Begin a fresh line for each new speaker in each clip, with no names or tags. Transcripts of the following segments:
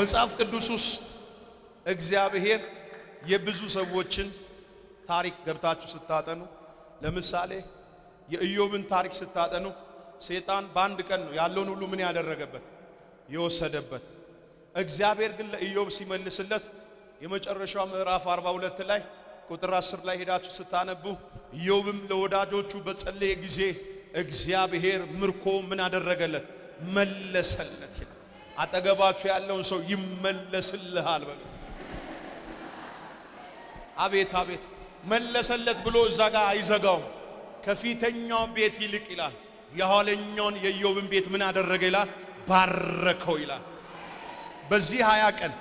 መጽሐፍ ቅዱስ ውስጥ እግዚአብሔር የብዙ ሰዎችን ታሪክ ገብታችሁ ስታጠኑ፣ ለምሳሌ የኢዮብን ታሪክ ስታጠኑ ሰይጣን በአንድ ቀን ነው ያለውን ሁሉ ምን ያደረገበት የወሰደበት። እግዚአብሔር ግን ለኢዮብ ሲመልስለት የመጨረሻው ምዕራፍ 42 ላይ ቁጥር 10 ላይ ሄዳችሁ ስታነቡ ኢዮብም ለወዳጆቹ በጸለየ ጊዜ እግዚአብሔር ምርኮ ምን አደረገለት መለሰለት ይላል። አጠገባችሁ ያለውን ሰው ይመለስልሃል በሉት። አቤት አቤት መለሰለት ብሎ እዛ ጋር አይዘጋውም። ከፊተኛው ቤት ይልቅ ይላል የኋለኛውን የኢዮብን ቤት ምን አደረገ ይላል ባረከው ይላል። በዚህ ሀያ ቀን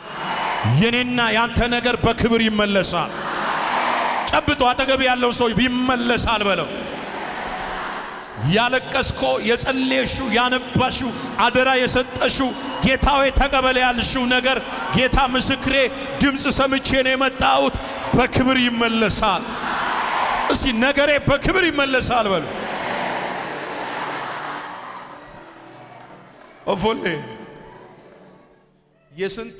የኔና ያንተ ነገር በክብር ይመለሳል። ጨብጦ አጠገብ ያለው ሰው ይመለሳል በለው። ያለቀስኮ የጸለየሹ ያነባሹ አደራ የሰጠሹ ጌታ ጌታዌ ተቀበለ ያልሹ ነገር ጌታ ምስክሬ ድምፅ ሰምቼ ነው የመጣሁት፣ በክብር ይመለሳል። እስቲ ነገሬ በክብር ይመለሳል በሉ። ኦፎሌ የስንት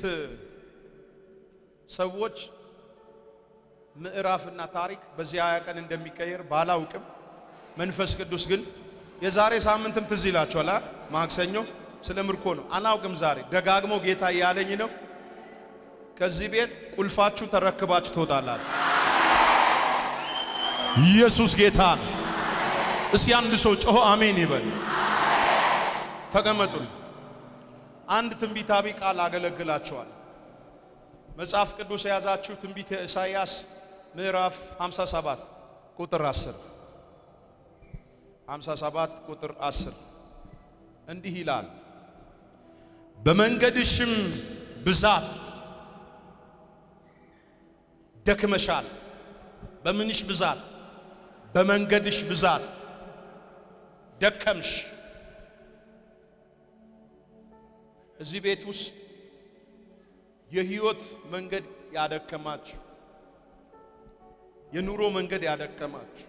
ሰዎች ምዕራፍና ታሪክ በዚያ ሃያ ቀን እንደሚቀየር ባላውቅም መንፈስ ቅዱስ ግን የዛሬ ሳምንትም ትዝ ይላችኋል። ማክሰኞ ስለ ምርኮ ነው። አላውቅም ዛሬ ደጋግሞ ጌታ እያለኝ ነው። ከዚህ ቤት ቁልፋችሁ ተረክባችሁ ትወጣላችሁ። ኢየሱስ ጌታ ነው። እስቲ አንድ ሰው ጮሆ አሜን ይበል። ተቀመጡን። አንድ ትንቢታዊ ቃል አገለግላችኋል። መጽሐፍ ቅዱስ የያዛችሁ ትንቢተ ኢሳይያስ ምዕራፍ 57 ቁጥር 10 57 ቁጥር 10 እንዲህ ይላል፣ በመንገድሽም ብዛት ደክመሻል። በምንሽ ብዛት? በመንገድሽ ብዛት ደከምሽ። እዚህ ቤት ውስጥ የህይወት መንገድ ያደከማችሁ፣ የኑሮ መንገድ ያደከማችሁ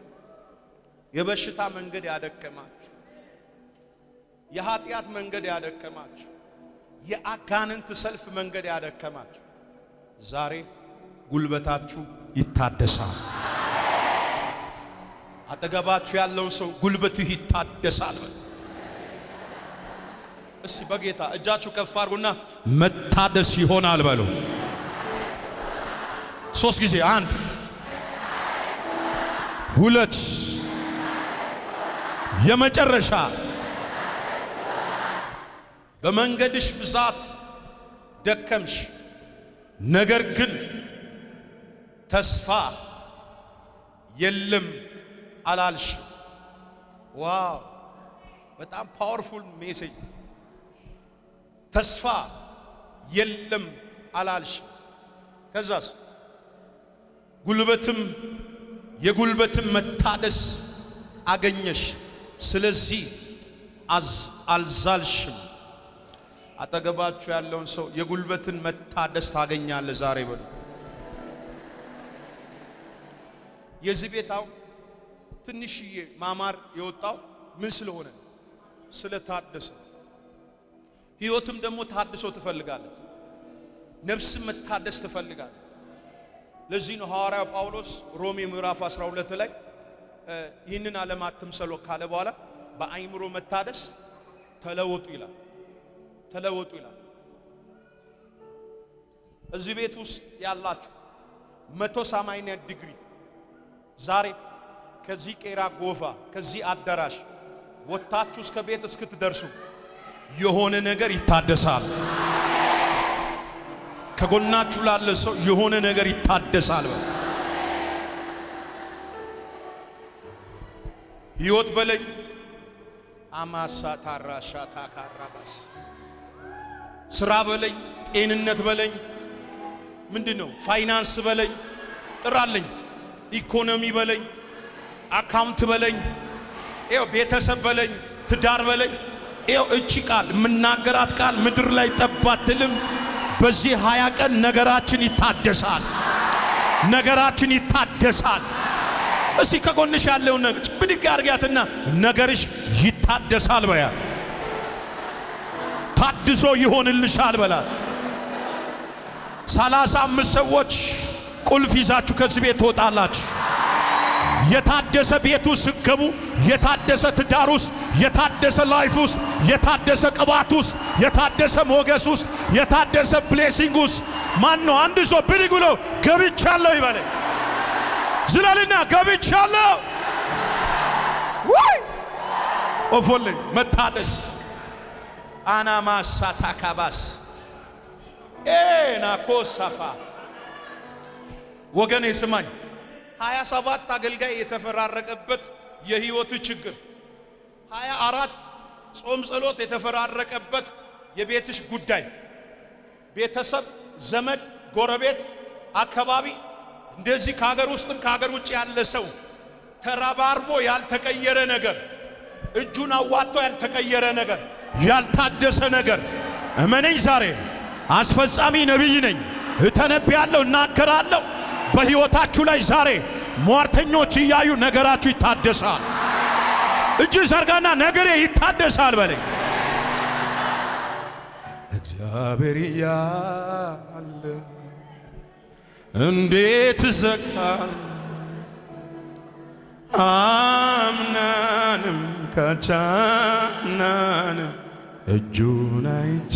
የበሽታ መንገድ ያደከማችሁ፣ የኃጢአት መንገድ ያደከማችሁ፣ የአጋንንት ሰልፍ መንገድ ያደከማችሁ ዛሬ ጉልበታችሁ ይታደሳል። አጠገባችሁ ያለውን ሰው ጉልበትህ ይታደሳል። እስቲ በጌታ እጃችሁ ከፍ አድርጉና መታደስ ይሆናል በሉ። ሶስት ጊዜ አንድ ሁለት የመጨረሻ በመንገድሽ ብዛት ደከምሽ፣ ነገር ግን ተስፋ የለም አላልሽ። ዋው በጣም ፓወርፉል ሜሴጅ። ተስፋ የለም አላልሽ። ከዛስ ጉልበትም የጉልበትም መታደስ አገኘሽ። ስለዚህ አልዛልሽም። አጠገባችሁ ያለውን ሰው የጉልበትን መታደስ ታገኛለህ ዛሬ በሉ። የዚህ ቤታው ትንሽዬ ማማር የወጣው ምን ስለሆነ ስለታደሰ። ህይወትም ደግሞ ታድሶ ትፈልጋለች። ነፍስም መታደስ ትፈልጋለች። ለዚህ ነው ሐዋርያው ጳውሎስ ሮሜ ምዕራፍ 12 ላይ ይህንን ዓለም አትምሰሎ ካለ በኋላ በአይምሮ መታደስ ተለወጡ ይላል። ተለወጡ ይላል። እዚህ ቤት ውስጥ ያላችሁ መቶ ሰማንያ ዲግሪ ዛሬ ከዚህ ቄራ ጎፋ ከዚህ አዳራሽ ወታችሁ እስከ ቤት እስክትደርሱ የሆነ ነገር ይታደሳል። ከጎናችሁ ላለ ሰው የሆነ ነገር ይታደሳል። ህይወት በለኝ አማሳ ታራሻ ታካራባስ ስራ በለኝ ጤንነት በለኝ ምንድነው ፋይናንስ በለኝ ጥራለኝ ኢኮኖሚ በለኝ አካውንት በለኝ ይኸው ቤተሰብ በለኝ ትዳር በለኝ ይኸው እቺ ቃል የምናገራት ቃል ምድር ላይ ጠባትልም በዚህ ሀያ ቀን ነገራችን ይታደሳል ነገራችን ይታደሳል እሲ ከጎንሽ ያለውን ነገር ብድግ አርጊያትና ነገርሽ ይታደሳል በያ ታድሶ ይሆንልሻል በላ። ሰላሳ አምስት ሰዎች ቁልፍ ይዛችሁ ከዚህ ቤት ትወጣላችሁ። የታደሰ ቤቱ ስገቡ፣ የታደሰ ትዳር ውስጥ፣ የታደሰ ላይፍ ውስጥ፣ የታደሰ ቅባት ውስጥ፣ የታደሰ ሞገስ ውስጥ፣ የታደሰ ብሌሲንግ ውስጥ ማን ነው አንድ ሰው ብድግ ብሎ ገብቻለሁ ይበለ ዝለልና ገብቻለሁ። ወይ ኦፎሌ መታደስ አናማሳ ታካባስ ናኮሳፋ ወገኔ ስማኝ፣ ሀያ ሰባት አገልጋይ የተፈራረቀበት የህይወት ችግር፣ ሀያ አራት ጾም ጸሎት የተፈራረቀበት የቤትሽ ጉዳይ ቤተሰብ፣ ዘመድ፣ ጎረቤት፣ አካባቢ እንደዚህ ከሀገር ውስጥም ከሀገር ውጭ ያለ ሰው ተረባርቦ ያልተቀየረ ነገር፣ እጁን አዋጥቶ ያልተቀየረ ነገር፣ ያልታደሰ ነገር እመነኝ። ዛሬ አስፈጻሚ ነቢይ ነኝ፣ እተነብያለሁ፣ እናገራለሁ። በሕይወታችሁ ላይ ዛሬ ሟርተኞች እያዩ ነገራችሁ ይታደሳል። እጅ ዘርጋና ነገሬ ይታደሳል በለኝ። እግዚአብሔር እያለ እንዴት ዘጋል አምናንም ካቻምናንም እጁን አይቻ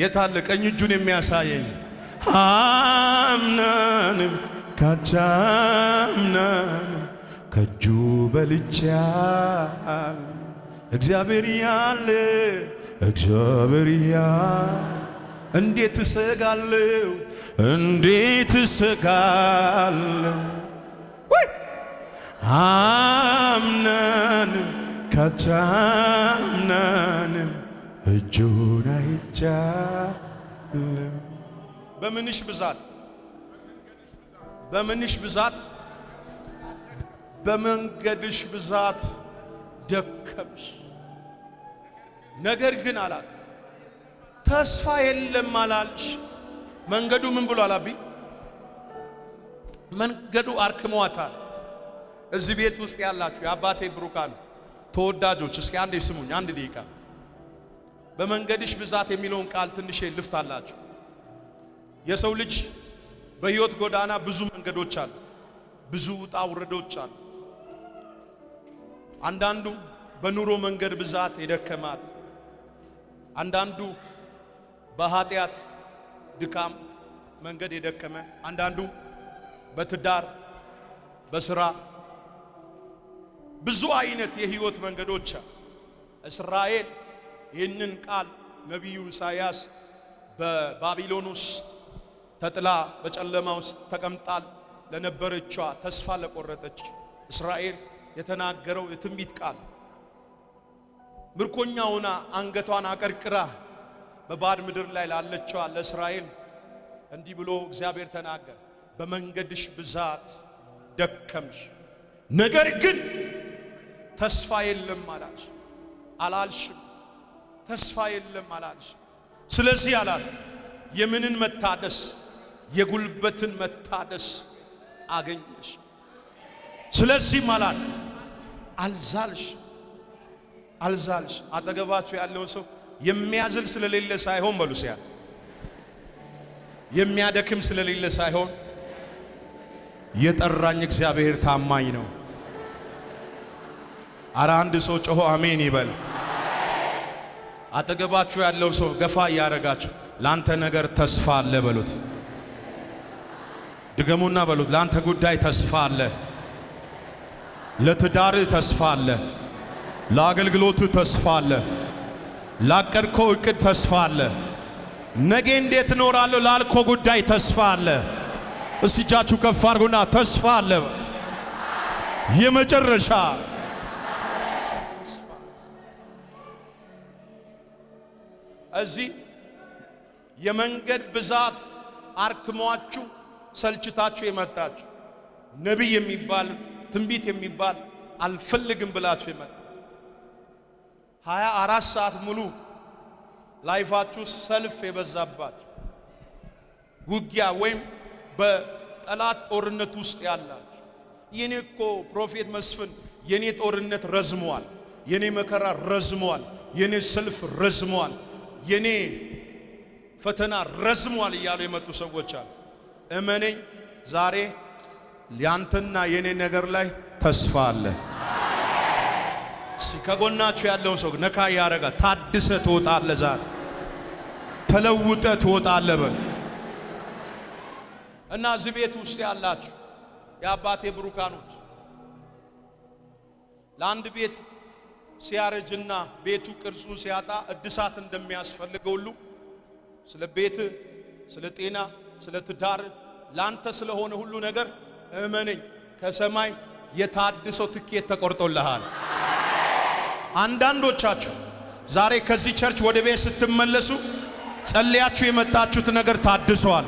የታለ ቀኝ እጁን የሚያሳየኝ አምናንም ካቻምናንም ከእጁ በልቻል እግዚአብሔር ያለ እግዚአብሔር ያ እንዴት እሰጋለሁ እንዴት እሰጋለሁ አምነንም ካቻምነንም እጁን አይቻለሁ። በምንሽ ብዛት በምንሽ ብዛት በመንገድሽ ብዛት ደከምሽ። ነገር ግን አላት ተስፋ የለም አላልሽ መንገዱ ምን ብሏል? አቢ መንገዱ አርክሟታል። እዚህ ቤት ውስጥ ያላችሁ የአባቴ ብሩካን ተወዳጆች እስኪ አንዴ ስሙኝ፣ አንድ ደቂቃ በመንገድሽ ብዛት የሚለውን ቃል ትንሽ ልፍታላችሁ። የሰው ልጅ በህይወት ጎዳና ብዙ መንገዶች አሉት፣ ብዙ ውጣ ውረዶች አሉ። አንዳንዱ በኑሮ መንገድ ብዛት ይደከማል። አንዳንዱ በኃጢአት ድካም መንገድ የደከመ አንዳንዱ በትዳር በስራ ብዙ አይነት የህይወት መንገዶች እስራኤል ይህንን ቃል ነቢዩ ኢሳያስ በባቢሎን ውስጥ ተጥላ በጨለማ ውስጥ ተቀምጣል ለነበረቿ ተስፋ ለቆረጠች እስራኤል የተናገረው የትንቢት ቃል ምርኮኛ ሆና አንገቷን አቀርቅራ በባድ ምድር ላይ ላለችዋ ለእስራኤል እንዲህ ብሎ እግዚአብሔር ተናገረ። በመንገድሽ ብዛት ደከምሽ፣ ነገር ግን ተስፋ የለም አላልሽ አላልሽም። ተስፋ የለም አላልሽ። ስለዚህ አላል የምንን መታደስ የጉልበትን መታደስ አገኘሽ። ስለዚህም አላል አልዛልሽ አልዛልሽ። አጠገባችሁ ያለውን ሰው የሚያዝል ስለሌለ ሳይሆን በሉሲያ የሚያደክም ስለሌለ ሳይሆን የጠራኝ እግዚአብሔር ታማኝ ነው። አረ አንድ ሰው ጮሆ አሜን ይበል። አጠገባችሁ ያለው ሰው ገፋ እያረጋችሁ ላንተ ነገር ተስፋ አለ በሉት። ድገሙና በሉት ላንተ ጉዳይ ተስፋ አለ፣ ለትዳር ተስፋ አለ፣ ለአገልግሎቱ ተስፋ አለ። ላቀድከው እቅድ ተስፋ አለ። ነገ እንዴት እኖራለሁ ላልኮ ጉዳይ ተስፋ አለ። እጃችሁ ከፍ አድርጉና ተስፋ አለ። የመጨረሻ እዚህ የመንገድ ብዛት አርክሟችሁ ሰልችታችሁ የመጣችሁ ነቢይ የሚባል ትንቢት የሚባል አልፈልግም ብላችሁ የመጣ ሀያ አራት ሰዓት ሙሉ ላይፋችሁ ሰልፍ የበዛባችሁ ውጊያ ወይም በጠላት ጦርነት ውስጥ ያላችሁ የኔ እኮ ፕሮፌት መስፍን የኔ ጦርነት ረዝመዋል፣ የኔ መከራ ረዝመዋል፣ የኔ ሰልፍ ረዝመዋል፣ የኔ ፈተና ረዝመዋል እያሉ የመጡ ሰዎች አሉ። እመነኝ ዛሬ ያንተና የኔ ነገር ላይ ተስፋ አለ። ከጎናችሁ ያለውን ሰው ነካ ያረጋ ታድሰ ትወጣለ፣ ዛሬ ተለውጠ ትወጣለ። በል እና እዚህ ቤት ውስጥ ያላችሁ የአባቴ ብሩካኖች ለአንድ ቤት ሲያረጅና ቤቱ ቅርጹን ሲያጣ እድሳት እንደሚያስፈልገው ሁሉ ስለ ቤት፣ ስለ ጤና፣ ስለ ትዳር ላንተ ስለሆነ ሁሉ ነገር እመነኝ ከሰማይ የታድሶ ትኬት ተቆርጦልሃል። አንዳንዶቻችሁ ዛሬ ከዚህ ቸርች ወደ ቤት ስትመለሱ ጸልያችሁ የመጣችሁት ነገር ታድሷል።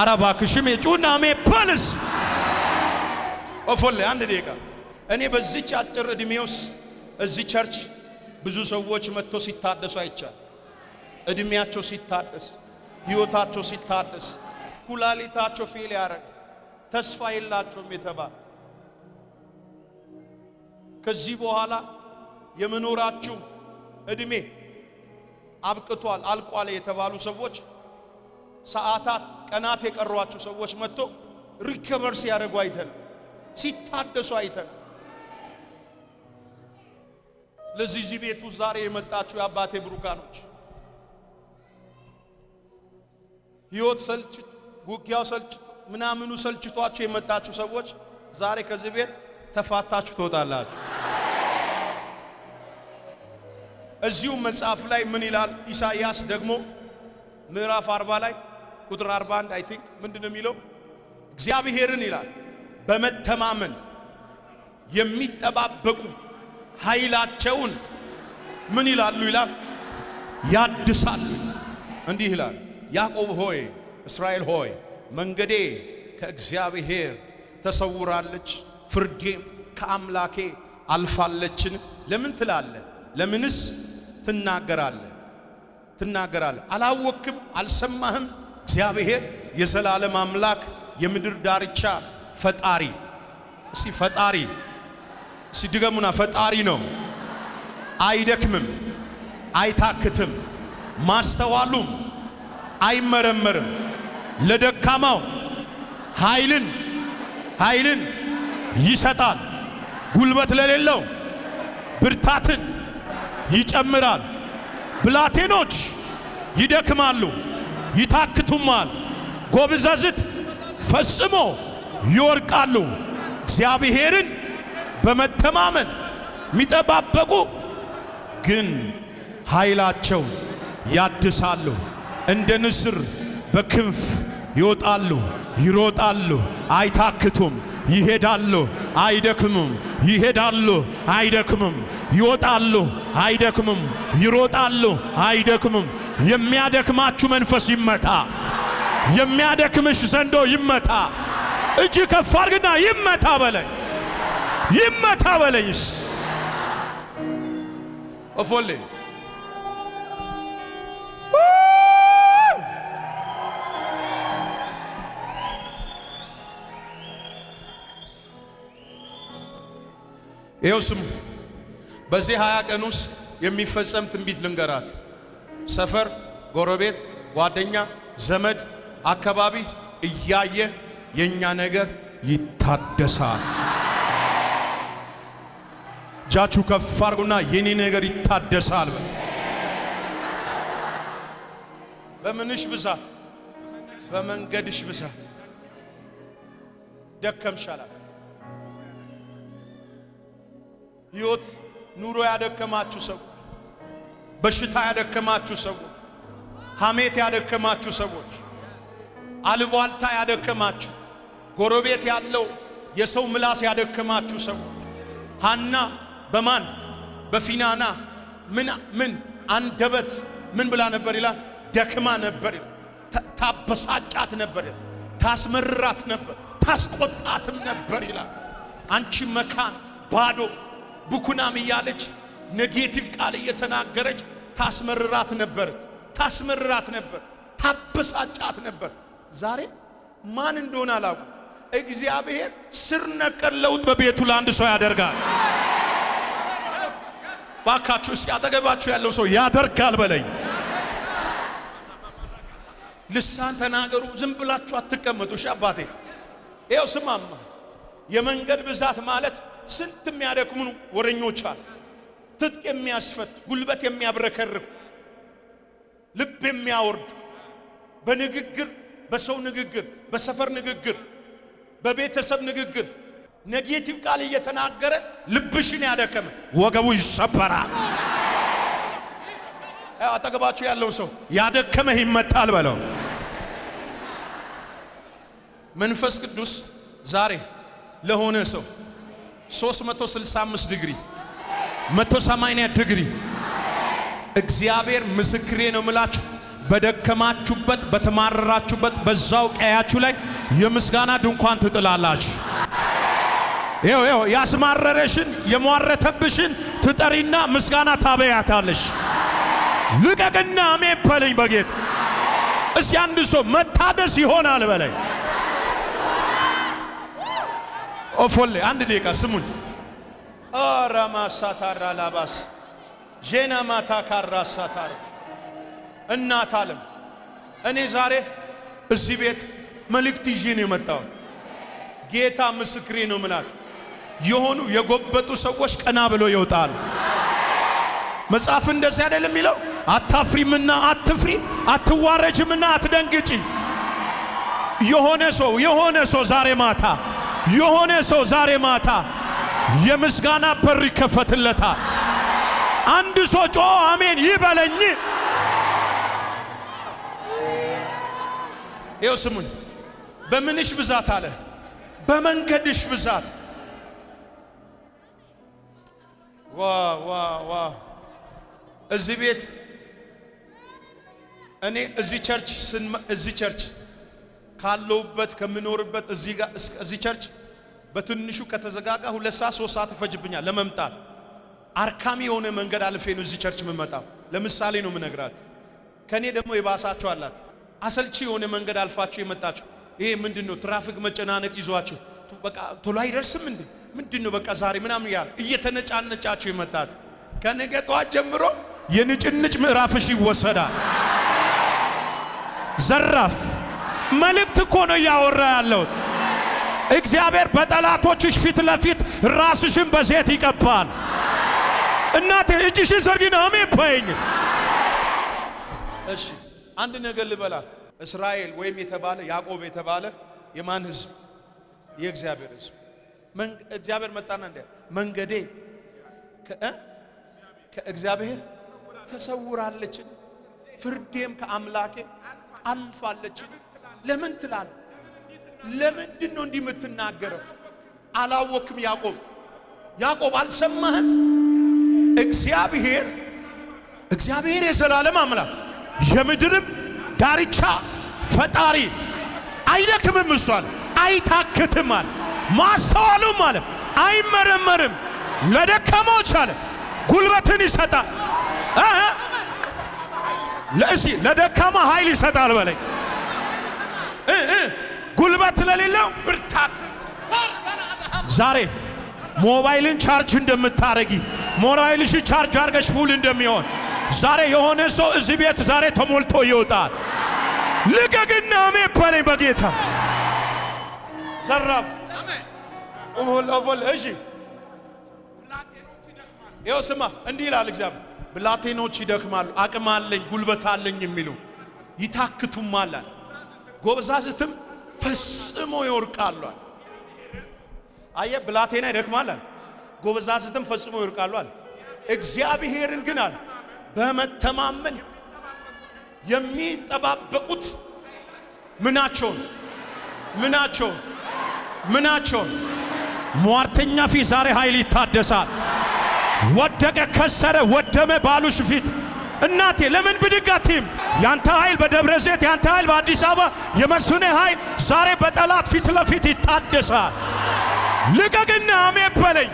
አረባ ክሽም የጩናሜ ፓልስ ኦፎሌ አንድ ደቂቃ እኔ በዚች አጭር እድሜውስ ውስጥ እዚህ ቸርች ብዙ ሰዎች መጥቶ ሲታደሱ አይቻል። እድሜያቸው ሲታደስ፣ ህይወታቸው ሲታደስ፣ ኩላሊታቸው ፌል ያረግ ተስፋ የላቸውም የተባለ ከዚህ በኋላ የመኖራችሁ እድሜ አብቅቷል አልቋል የተባሉ ሰዎች ሰዓታት፣ ቀናት የቀሯችሁ ሰዎች መጥቶ ሪከቨር ሲያደርጉ አይተናል፣ ሲታደሱ አይተናል። ለዚህ እዚህ ቤቱ ዛሬ የመጣችሁ የአባቴ ብሩካኖች ህይወት ሰልችት፣ ውጊያው ሰልችት፣ ምናምኑ ሰልችቷችሁ የመጣችሁ ሰዎች ዛሬ ከዚህ ቤት ተፋታችሁ ትወጣላችሁ። እዚሁም መጽሐፍ ላይ ምን ይላል? ኢሳይያስ ደግሞ ምዕራፍ 40 ላይ ቁጥር 41 አይ ቲንክ ምንድን ነው የሚለው? እግዚአብሔርን ይላል በመተማመን የሚጠባበቁ ኃይላቸውን ምን ይላሉ ይላል ያድሳሉ። እንዲህ ይላል ያዕቆብ ሆይ እስራኤል ሆይ መንገዴ ከእግዚአብሔር ተሰውራለች፣ ፍርዴም ከአምላኬ አልፋለችን ለምን ትላለ? ለምንስ ትናገራለ ትናገራለ። አላወክም፣ አልሰማህም? እግዚአብሔር የዘላለም አምላክ የምድር ዳርቻ ፈጣሪ እሲ ፈጣሪ እሲ ድገሙና፣ ፈጣሪ ነው። አይደክምም፣ አይታክትም፣ ማስተዋሉም አይመረመርም። ለደካማው ኃይልን ኃይልን ይሰጣል፣ ጉልበት ለሌለው ብርታትን ይጨምራል። ብላቴኖች ይደክማሉ፣ ይታክቱማል። ጎብዘዝት ፈጽሞ ይወርቃሉ። እግዚአብሔርን በመተማመን የሚጠባበቁ ግን ኃይላቸው ያድሳሉ፣ እንደ ንስር በክንፍ ይወጣሉ፣ ይሮጣሉ፣ አይታክቱም። ይሄዳሉ አይደክሙም፣ ይሄዳሉ አይደክሙም፣ ይወጣሉ አይደክሙም፣ ይሮጣሉ አይደክሙም። የሚያደክማችሁ መንፈስ ይመታ፣ የሚያደክምሽ ዘንዶ ይመታ። እጅ ከፍ አድርግና ይመታ በለኝ፣ ይመታ በለኝስ ኦፎሌ ይኸው ስሙ። በዚህ ሀያ ቀን ውስጥ የሚፈጸም ትንቢት ልንገራት። ሰፈር፣ ጎረቤት፣ ጓደኛ፣ ዘመድ፣ አካባቢ እያየ የእኛ ነገር ይታደሳል። እጃችሁ ከፍ አርጉና የኔ ነገር ይታደሳል። በምንሽ ብዛት፣ በመንገድሽ ብዛት ደከምሻላል ህይወት ኑሮ ያደከማችሁ ሰው፣ በሽታ ያደከማችሁ ሰዎች፣ ሐሜት ያደከማችሁ ሰዎች፣ አልቧልታ ያደከማችሁ፣ ጎረቤት ያለው የሰው ምላስ ያደከማችሁ ሰዎች ሐና በማን በፊናና ምን ምን አንደበት ምን ብላ ነበር ይላል። ደክማ ነበር ታበሳጫት ነበር ይላል። ታስመርራት ነበር፣ ታስቆጣትም ነበር ይላል። አንቺ መካን ባዶ ብኩናም እያለች ኔጌቲቭ ቃል እየተናገረች ታስመርራት ነበር፣ ታስመርራት ነበር፣ ታበሳጫት ነበር። ዛሬ ማን እንደሆነ አላውቅም። እግዚአብሔር ስር ነቀል ለውጥ በቤቱ ለአንድ ሰው ያደርጋል። ባካችሁ እስኪ አጠገባችሁ ያለው ሰው ያደርጋል በለኝ። ልሳን ተናገሩ። ዝም ብላችሁ አትቀመጡ። እሺ አባቴ፣ ይኸው ስማማ የመንገድ ብዛት ማለት ስንት የሚያደክሙን ወረኞች አሉ። ትጥቅ የሚያስፈቱ ጉልበት የሚያብረከርኩ ልብ የሚያወርዱ በንግግር በሰው ንግግር በሰፈር ንግግር በቤተሰብ ንግግር ኔጌቲቭ ቃል እየተናገረ ልብሽን ያደከመ ወገቡ ይሰበራል። አጠገባችሁ ያለው ሰው ያደከመህ ይመታል በለው። መንፈስ ቅዱስ ዛሬ ለሆነ ሰው 365 ዲግሪ 180 ዲግሪ እግዚአብሔር ምስክሬ ነው ምላችሁ በደከማችሁበት በተማረራችሁበት በዛው ቀያችሁ ላይ የምስጋና ድንኳን ትጥላላችሁ። ይኸው ይኸው ያስማረረሽን የሟረተብሽን ትጠሪና ምስጋና ታበያታለሽ። ልቀቅና አሜን በለኝ በጌት እስ አንድ ሰው መታደስ ይሆናል በላይ። ኦፎሌ አንድ ደቂቃ ስሙኝ። አራማሳታራ ላባስ ጄና ማታ ሳታር እናት አለም እኔ ዛሬ እዚህ ቤት መልእክት ይዤ ነው የመጣው። ጌታ ምስክሬ ነው። ምላት የሆኑ የጎበጡ ሰዎች ቀና ብሎ ይወጣል። መጽሐፍ እንደዚህ አይደለም የሚለው? አታፍሪምና አትፍሪ፣ አትዋረጅምና አትደንግጪ። የሆነ ሰው የሆነ ሰው ዛሬ ማታ የሆነ ሰው ዛሬ ማታ የምስጋና በር ይከፈትለታል። አንድ ሰው ጮ አሜን ይበለኝ። ይኸው ስሙኝ፣ በምንሽ ብዛት አለ፣ በመንገድሽ ብዛት ዋ ዋ ዋ እዚህ ቤት እኔ እዚህ ቸርች እዚህ ቸርች ካለውበት ከምኖርበት እዚህ ጋር እዚህ ቸርች በትንሹ ከተዘጋጋ ሁለት ሰዓት ሶስት ሰዓት ይፈጅብኛል ለመምጣት። አርካሚ የሆነ መንገድ አልፌ ነው እዚህ ቸርች የምመጣው። ለምሳሌ ነው የምነግራችሁ። ከኔ ደግሞ የባሳችሁ አላት አሰልቺ የሆነ መንገድ አልፋችሁ የመጣችሁ ይሄ ምንድን ነው? ትራፊክ መጨናነቅ ይዟችሁ በቃ ቶሎ አይደርስም እንዴ? ምንድን ነው በቃ ዛሬ ምናምን ያለ እየተነጫነጫችሁ የመጣችሁ ከነገ ጠዋት ጀምሮ የንጭንጭ ምዕራፍሽ ይወሰዳል። ዘራፍ መልእክት እኮ ነው እያወራ ያለው። እግዚአብሔር በጠላቶችሽ ፊት ለፊት ራስሽን በዘይት ይቀባል። እናቴ እጅሽን ዘርጊና አሜን በይኝ። እሺ አንድ ነገር ልበላት። እስራኤል ወይም የተባለ ያዕቆብ የተባለ የማን ህዝብ? የእግዚአብሔር ህዝብ። እግዚአብሔር መጣና እንደ መንገዴ ከእግዚአብሔር ተሰውራለችን፣ ፍርዴም ከአምላኬ አልፋለችን ለምን ትላል? ለምንድን ነው እንዲህ የምትናገረው? አላወክም? ያዕቆብ ያዕቆብ አልሰማህም? እግዚአብሔር እግዚአብሔር የዘላለም አምላክ የምድርም ዳርቻ ፈጣሪ አይደክምም፣ እሷል አይታክትም አለ። ማስተዋሉም አለ አይመረመርም። ለደከሞች አለ ጉልበትን ይሰጣል። ለእሺ ለደካማ ኃይል ይሰጣል በለኝ ጉልበት ለሌለው ብርታት ዛሬ ሞባይልን ቻርጅ እንደምታረጊ ሞባይልሽ ቻርጅ አርገሽ ፉል እንደሚሆን ዛሬ የሆነ ሰው እዚህ ቤት ዛሬ ተሞልቶ ይወጣል። ልቀቅና አሜ በለኝ በጌታ ዘራፍ ኦቨል እሺ፣ ይኸው ስማ፣ እንዲህ ይላል እግዚአብሔር ብላቴኖች ይደክማሉ፣ አቅም አለኝ ጉልበት አለኝ የሚሉ ይታክቱማላል ጎበዛዝትም ፈጽሞ ይወርቃሉ። አየ ብላቴና ይደክማል አለ። ጎበዛዝትም ፈጽሞ ይወርቃሉ አለ። እግዚአብሔርን ግን አለ በመተማመን የሚጠባበቁት ምናቸውን ምናቸውን ምናቸውን ሟርተኛ ፊት ዛሬ ኃይል ይታደሳል። ወደቀ፣ ከሰረ፣ ወደመ ባሉሽ ፊት እናቴ ለምን ብድጋቴም ያንተ ኃይል በደብረ ዘይት ያንተ ኃይል በአዲስ አበባ የመስፍኔ ኃይል ዛሬ በጠላት ፊት ለፊት ይታደሳል። ልቀቅና አሜን በለኝ።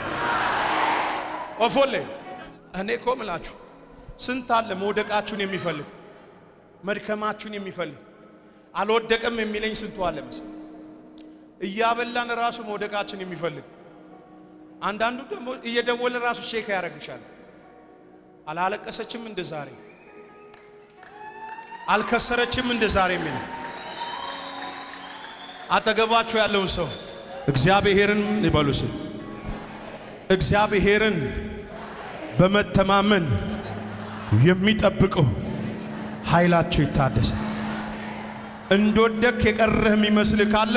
ኦፎሌ እኔ እኮ ምላችሁ ስንት አለ መውደቃችሁን የሚፈልግ መድከማችሁን የሚፈልግ አልወደቅም የሚለኝ ስንቱ አለ መሰለኝ። እያበላን ራሱ መውደቃችን የሚፈልግ አንዳንዱ ደግሞ እየደወለ ራሱ ሼክ ያደርግሻል። አላለቀሰችም እንደ ዛሬ አልከሰረችም እንደ ዛሬ ምን አጠገባችሁ ያለውን ሰው እግዚአብሔርን ይበሉስ እግዚአብሔርን በመተማመን የሚጠብቀው ኃይላቸው ይታደሰ። እንደወደክ የቀረህ የሚመስል ካለ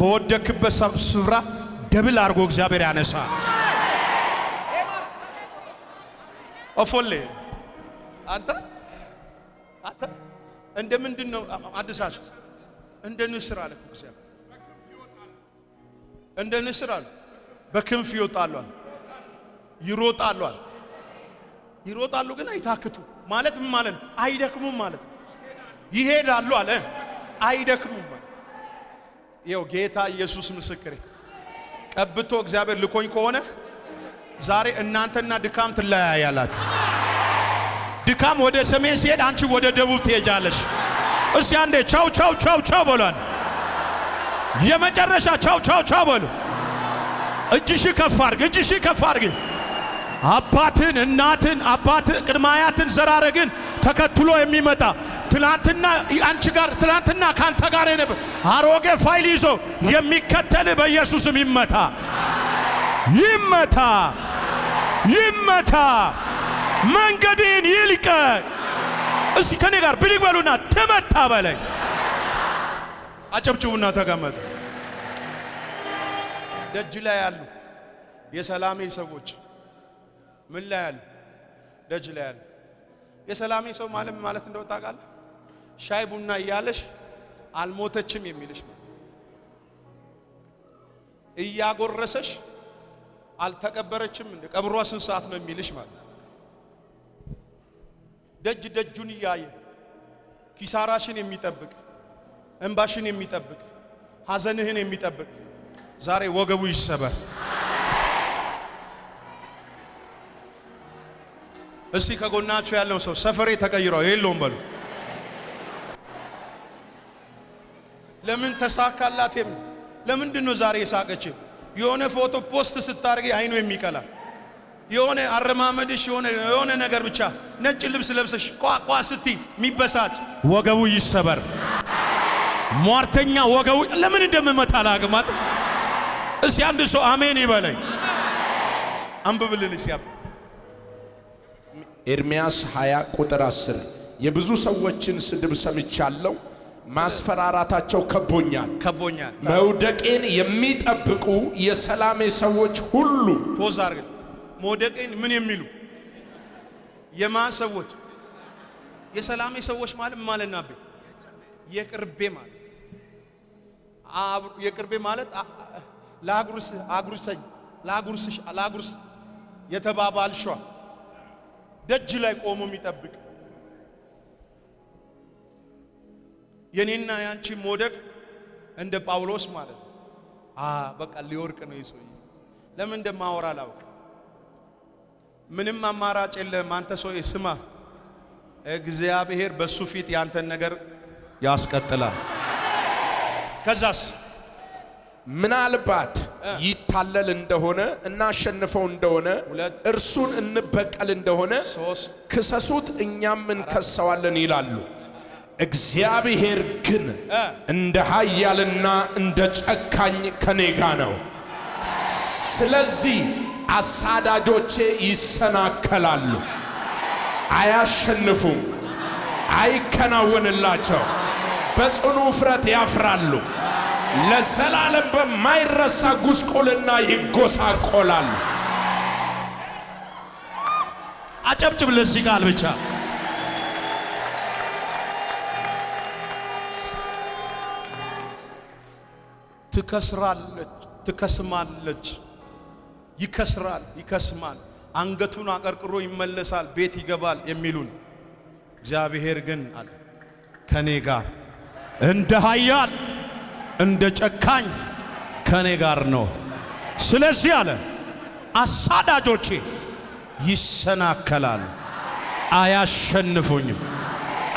በወደክበት ስፍራ ደብል አድርጎ እግዚአብሔር ያነሳ። ኦፎሌ አንተ አንተ እንደ ምንድን ነው አድሳሽ? እንደ ንስር አለ እግዚአብሔር። እንደ ንስር አለ በክንፍ ይወጣሉ፣ ይሮጣሉ፣ ይሮጣሉ ግን አይታክቱ ማለት ምን ማለት ነው? አይደክሙም ማለት ይሄዳሉ አለ አይደክሙም። ይኸው ጌታ ኢየሱስ ምስክሬ ቀብቶ እግዚአብሔር ልኮኝ ከሆነ ዛሬ እናንተና ድካም ትለያያላችሁ። ድካም ወደ ሰሜን ሲሄድ፣ አንቺ ወደ ደቡብ ትሄጃለሽ። እስቲ አንዴ ቻው ቻው ቻው ቻው በሏል። የመጨረሻ ቻው ቻው ቻው በሉ። እጅሽ ከፍ አርግ፣ እጅሽ ከፍ አርግ። አባትን እናትን አባት ቅድማያትን ዘራረግን ተከትሎ የሚመጣ ትላንትና አንቺ ጋር ትላንትና ካንተ ጋር የነበረ አሮጌ ፋይል ይዞ የሚከተል በኢየሱስም ይመታ። ይመታ፣ ይመታ፣ መንገድን ይልቀ። እስቲ ከኔ ጋር ብድግ በሉና ተመታ በለኝ። አጨብጭቡና ተቀመጡ። ደጅ ላይ ያሉ የሰላሜ ሰዎች ምን ላይ ያሉ? ደጅ ላይ ያሉ የሰላሜ ሰው ማለት ማለት እንደው ቃል ሻይ ቡና እያለሽ አልሞተችም የሚልሽ እያጎረሰሽ አልተቀበረችም እንደ ቀብሯ ስንት ሰዓት ነው የሚልሽ ማለት ደጅ ደጁን እያየ ኪሳራሽን የሚጠብቅ እንባሽን የሚጠብቅ ሐዘንህን የሚጠብቅ ዛሬ ወገቡ ይሰበር። እስቲ ከጎናችሁ ያለውን ሰው ሰፈሬ ተቀይሯ የለውም በሉ። ለምን ተሳካላቴም? ለምንድን ነው ዛሬ የሳቀችም? የሆነ ፎቶ ፖስት ስታደርጊ አይኑ የሚቀላ የሆነ አረማመድሽ የሆነ የሆነ ነገር ብቻ ነጭ ልብስ ለብሰሽ ቋቋ ስቲ የሚበሳጭ ወገቡ ይሰበር። ሟርተኛ ወገቡ ለምን እንደምመጣ ላግማት። እስቲ አንድ ሰው አሜን ይበለኝ። አንብብልን እስቲ ኤርምያስ 20 ቁጥር 10 የብዙ ሰዎችን ስድብ ሰምቻለሁ ማስፈራራታቸው ከቦኛል ከቦኛል። መውደቄን የሚጠብቁ የሰላሜ ሰዎች ሁሉ ፖዝ መውደቄን ምን የሚሉ የማ ሰዎች የሰላሜ ሰዎች ማለት ማለት ናቤ የቅርቤ ማለት የቅርቤ ማለት ላጉርስ አጉርሰኝ ላጉርስ ላጉርስ የተባባልሽዋ ደጅ ላይ ቆሞ የሚጠብቅ የኔና ያንቺ መውደቅ እንደ ጳውሎስ ማለት ነው። አዎ በቃ ሊወርቅ ነው የሰውዬ። ለምን እንደማወራ አላውቅ። ምንም አማራጭ የለም። አንተ ሰው ስማ፣ እግዚአብሔር በሱ ፊት ያንተን ነገር ያስቀጥላል። ከዛስ ምናልባት ይታለል እንደሆነ እናሸንፈው እንደሆነ እርሱን እንበቀል እንደሆነ ክሰሱት፣ እኛም እንከሰዋለን ይላሉ። እግዚአብሔር ግን እንደ ኃያልና እንደ ጨካኝ ከኔ ጋር ነው። ስለዚህ አሳዳጆቼ ይሰናከላሉ፣ አያሸንፉም፣ አይከናወንላቸው፣ በጽኑ ውፍረት ያፍራሉ፣ ለዘላለም በማይረሳ ጉስቁልና ይጎሳቆላሉ። አጨብጭብ ለዚህ ቃል ብቻ ትከስራለች፣ ትከስማለች፣ ይከስራል፣ ይከስማል፣ አንገቱን አቀርቅሮ ይመለሳል፣ ቤት ይገባል የሚሉን እግዚአብሔር ግን አለ ከኔ ጋር እንደ ኃያል እንደ ጨካኝ ከኔ ጋር ነው። ስለዚህ አለ አሳዳጆቼ ይሰናከላል አያሸንፉኝም።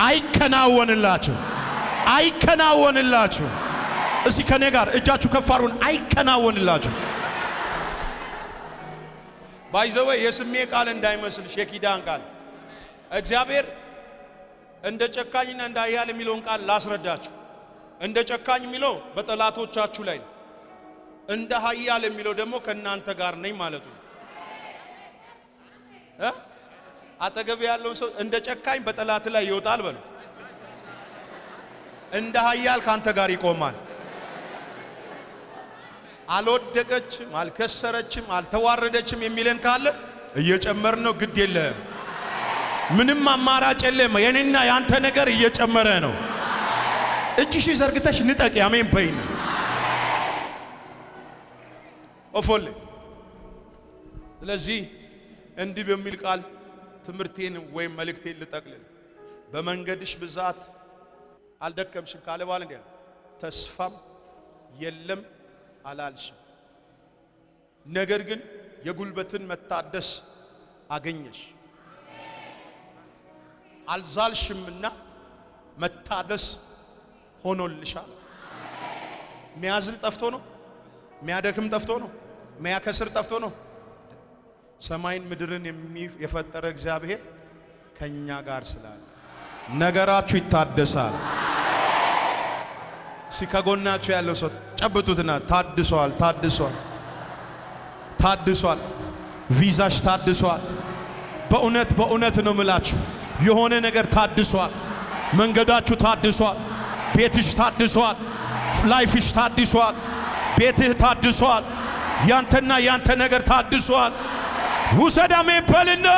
አይከናወንላችሁ አይከናወንላችሁ እስቲ ከኔ ጋር እጃችሁ ከፍ አድርጉን። አይከናወንላችሁ ባይዘወ የስሜ ቃል እንዳይመስል ሼኪዳን ቃል እግዚአብሔር እንደ ጨካኝና እንደ አያል የሚለውን ቃል ላስረዳችሁ። እንደ ጨካኝ የሚለው በጠላቶቻችሁ ላይ፣ እንደ ኃያል የሚለው ደግሞ ከእናንተ ጋር ነኝ ማለቱ እ አጠገብ ያለውን ሰው እንደ ጨካኝ በጠላት ላይ ይወጣል በሉ፣ እንደ ኃያል ካንተ ጋር ይቆማል። አልወደቀችም፣ አልከሰረችም፣ አልተዋረደችም የሚለን ካለ እየጨመር ነው። ግድ የለህም። ምንም አማራጭ የለም። የኔና የአንተ ነገር እየጨመረ ነው። እጅሽ ዘርግተሽ ንጠቅ፣ አሜን በይነ ኦፎሌ። ስለዚህ እንዲህ በሚል ቃል ትምህርቴን ወይም መልእክቴን ልጠቅልል። በመንገድሽ ብዛት አልደከምሽም ካለ በኋላ እንዲ ተስፋም የለም አላልሽም። ነገር ግን የጉልበትን መታደስ አገኘሽ። አልዛልሽምና መታደስ ሆኖልሻል። ሚያዝል ጠፍቶ ነው። ሚያደክም ጠፍቶ ነው። ሚያከስር ጠፍቶ ነው። ሰማይን ምድርን የፈጠረ እግዚአብሔር ከኛ ጋር ስላለ ነገራችሁ ይታደሳል። እስኪ ከጎናችሁ ያለው ሰው ጨብጡትና ታድሷል፣ ታድሷል፣ ታድሷል። ቪዛሽ ታድሷል። በእውነት በእውነት ነው ምላችሁ፣ የሆነ ነገር ታድሷል። መንገዳችሁ ታድሷል። ቤትሽ ታድሷል። ላይፍሽ ታድሷል። ቤትህ ታድሷል። ያንተና ያንተ ነገር ታድሷል። ውሰዳሜ በልና